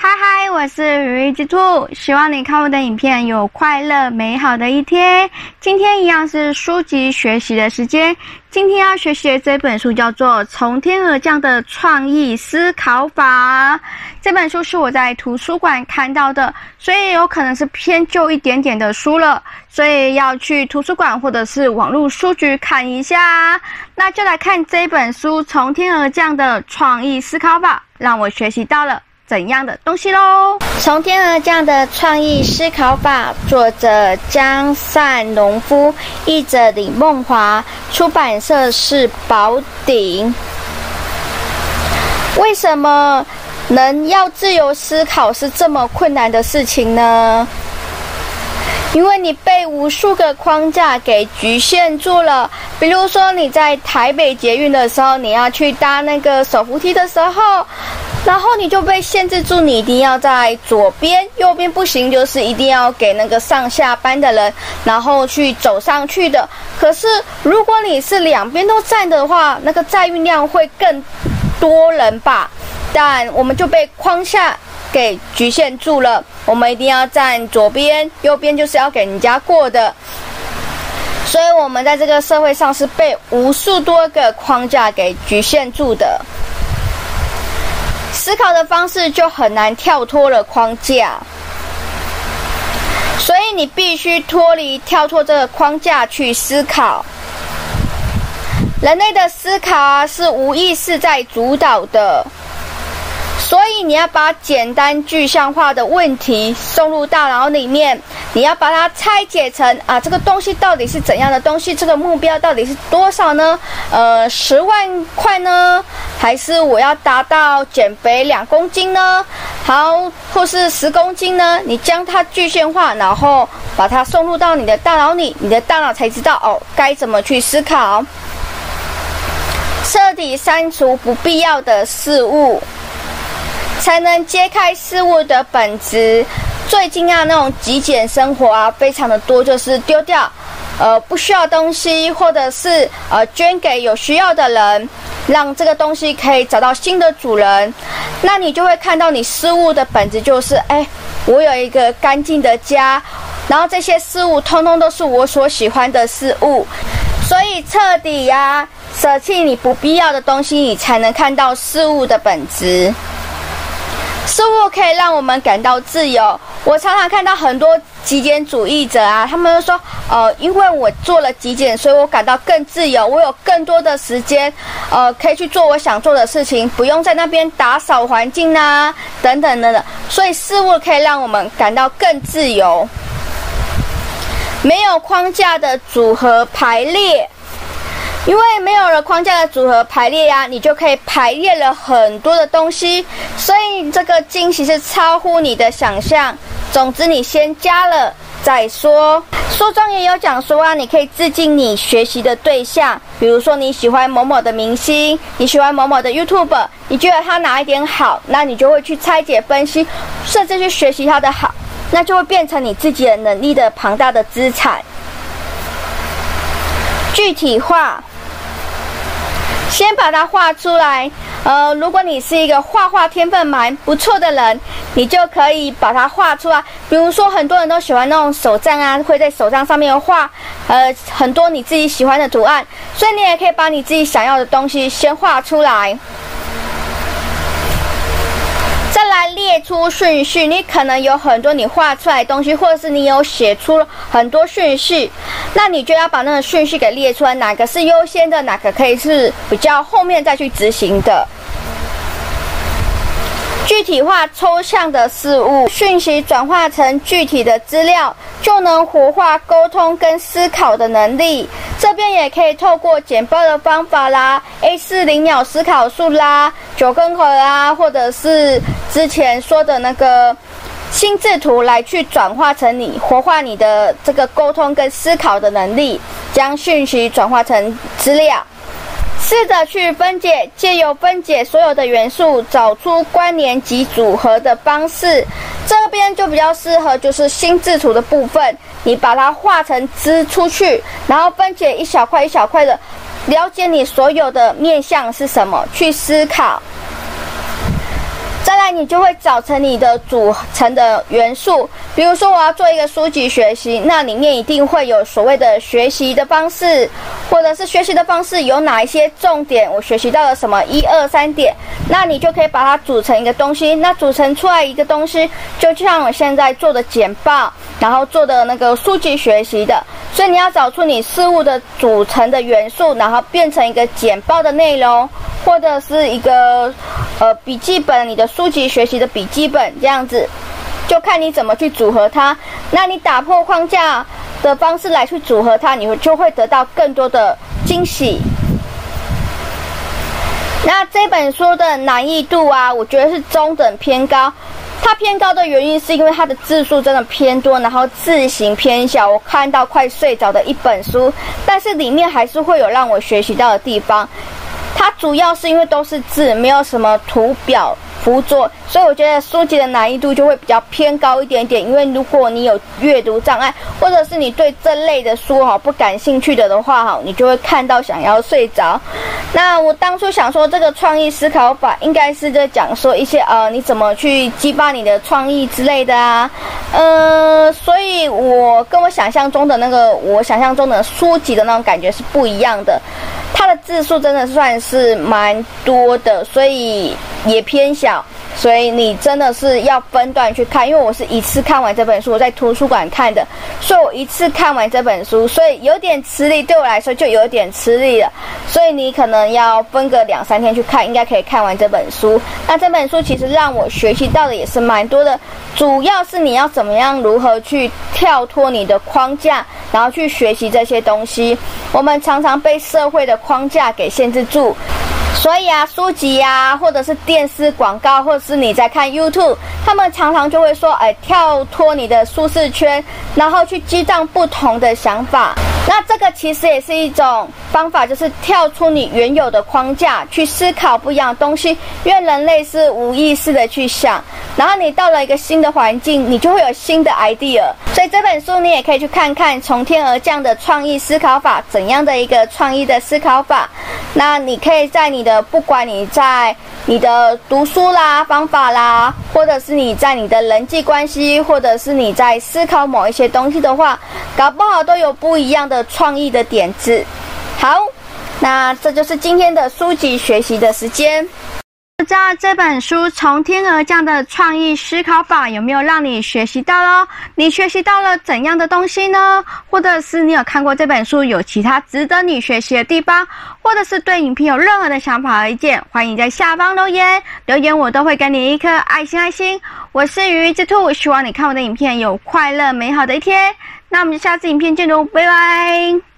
嗨嗨，Hi, Hi, 我是羽翼之兔，希望你看我的影片有快樂美好的一天。今天一樣是書籍學習的時間，今天要學習的這本書叫做《從天而降的創意思考法》。這本書是我在圖書館看到的，所以有可能是偏舊一點點的書了，所以要去圖書館或者是網絡書局看一下。那就來看這本書《從天而降的創意思考法》，讓我學習到了。怎樣的東西嘍？從天而降的創意思考法，作者江善農夫，譯者李夢華，出版社是寶鼎。為什麼能要自由思考是這麼困難的事情呢？因為你被無數個框架給局限住了。比如說你在台北捷運的時候，你要去搭那個手扶梯的時候。然後你就被限制住，你一定要在左邊，右邊不行，就是一定要給那個上下班的人，然後去走上去的。可是如果你是兩邊都站的話，那個載運量會更多人吧？但我們就被框架給局限住了，我們一定要站左邊，右邊就是要給人家過的。所以，我們在這個社會上是被無數多個框架給局限住的。思考的方式就很難跳脫了框架，所以你必須脫離跳脫這個框架去思考。人類的思考是無意識在主導的。所以你要把簡單具象化的問題送入大腦裡面，你要把它拆解成啊，這個東西到底是怎樣的東西？這個目標到底是多少呢？呃，十萬塊呢，還是我要達到減肥兩公斤呢？好，或是十公斤呢？你將它具象化，然後把它送入到你的大腦裡，你的大腦才知道哦該怎麼去思考。徹底刪除不必要的事物。才能揭開事物的本質。最近啊，那種極簡生活啊，非常的多，就是丟掉，呃，不需要東西，或者是呃，捐給有需要的人，讓這個東西可以找到新的主人。那你就會看到你事物的本質，就是，哎、欸，我有一個乾淨的家，然後這些事物通通都是我所喜歡的事物。所以、啊，徹底呀，捨棄你不必要的東西，你才能看到事物的本質。事物可以讓我們感到自由。我常常看到很多極簡主義者啊，他們就說：“呃，因為我做了極簡，所以我感到更自由，我有更多的時間，呃，可以去做我想做的事情，不用在那邊打掃環境啊，等等等等。”所以，事物可以讓我們感到更自由。沒有框架的組合排列。因為沒有了框架的組合排列呀、啊，你就可以排列了很多的東西，所以這個驚喜是超乎你的想象。總之，你先加了再說。書中也有講說啊，你可以致敬你學習的對象，比如說你喜歡某某的明星，你喜歡某某的 YouTuber，你覺得他哪一點好，那你就會去拆解分析，甚至去學習他的好，那就會變成你自己的能力的龐大的資產。具體化。先把它畫出來，呃，如果你是一個畫畫天分蠻不錯的人，你就可以把它畫出來。比如說，很多人都喜歡那種手賬啊，會在手賬上面畫，呃，很多你自己喜歡的圖案，所以你也可以把你自己想要的東西先畫出來。列出順序，你可能有很多你畫出來的東西，或者是你有寫出很多順序，那你就要把那個順序給列出來，哪個是優先的，哪個可以是比較後面再去執行的。具體化抽象的事物，訊息轉化成具體的資料，就能活化溝通跟思考的能力。這邊也可以透過簡報的方法啦，A4 零秒思考術啦，九宮格啦，或者是之前說的那個心智圖來去轉化成你，活化你的這個溝通跟思考的能力，將訊息轉化成資料。試着去分解，借由分解所有的元素，找出關聯及組合的方式。這邊就比較適合，就是心智圖的部分，你把它畫成枝出去，然後分解一小塊一小塊的，了解你所有的面向是什麼，去思考。那你就會找成你的組成的元素，比如說我要做一個書籍學習，那裡面一定會有所謂的學習的方式，或者是學習的方式有哪一些重點，我學習到了什麼一二三點，那你就可以把它組成一個東西。那組成出來一個東西，就像我現在做的簡報，然後做的那個書籍學習的，所以你要找出你事物的組成的元素，然後變成一個簡報的內容，或者是一個。呃，筆記本，你的書籍學習的筆記本這樣子，就看你怎麼去組合它。那你打破框架的方式來去組合它，你會就會得到更多的驚喜。那這本書的難易度啊，我覺得是中等偏高。它偏高的原因是因為它的字數真的偏多，然後字形偏小，我看到快睡着的一本書，但是裡面還是會有讓我學習到的地方。它主要是因為都是字，沒有什麼圖表輔助，所以我覺得書籍的難易度就會比較偏高一點點。因為如果你有閱讀障礙，或者是你對這類的書哈不感興趣的的話哈，你就會看到想要睡着。那我當初想說，這個創意思考法應該是在講說一些呃，你怎麼去激發你的創意之類的啊，呃，所以我跟我想象中的那個我想象中的書籍的那種感覺是不一樣的。它的字數真的算是蠻多的，所以也偏小。所以你真的是要分段去看，因為我是一次看完這本書，我在圖書館看的，所以我一次看完這本書，所以有點吃力，對我來說就有點吃力了。所以你可能要分個兩三天去看，應該可以看完這本書。那這本書其實讓我學習到的也是蠻多的，主要是你要怎麼樣如何去跳脫你的框架，然後去學習這些東西。我們常常被社會的框架給限制住。所以啊，書籍呀、啊，或者是電視廣告，或者是你在看 YouTube，他們常常就會說：“哎、欸，跳脫你的舒適圈，然後去激盪不同的想法。”那這個其實也是一種方法，就是跳出你原有的框架去思考不一樣的東西。因為人類是無意識的去想，然後你到了一個新的環境，你就會有新的 idea。所以這本書你也可以去看看《從天而降的創意思考法》怎樣的一個創意的思考法。那你可以在你的，不管你在你的讀書啦、方法啦，或者是你在你的人際關係，或者是你在思考某一些東西的話，搞不好都有不一樣的。創意的點子，好，那這就是今天的書籍學習的時間。不知道這本書《從天而降的創意思考法》有沒有讓你學習到嘍？你學習到了怎樣的東西呢？或者是你有看過這本書，有其他值得你學習的地方，或者是對影片有任何的想法和意見，歡迎在下方留言，留言我都會給你一顆愛心。愛心，我是羽翼之兔，希望你看我的影片有快樂美好的一天。那我們就下次影片見嘍，拜拜。